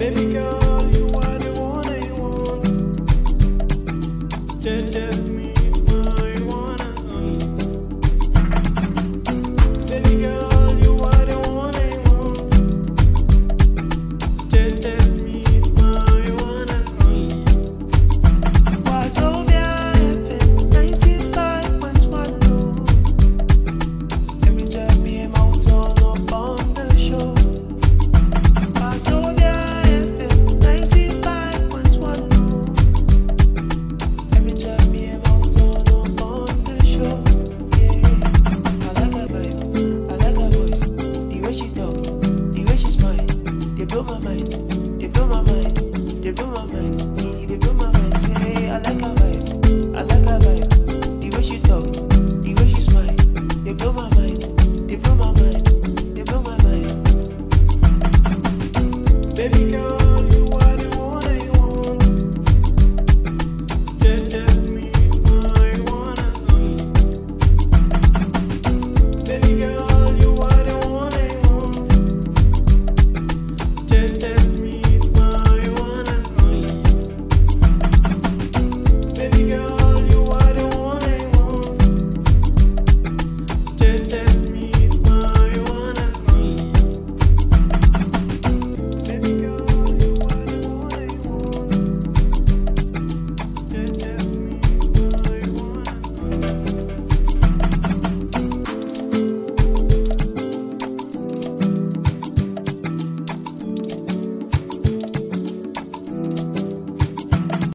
Baby girl, you are the one want. Just, me. blow my mind, they blow my mind, they blow my mind, they blow my mind. Say I like her vibe, I like her vibe. The way she talk, the way she smile, they blow my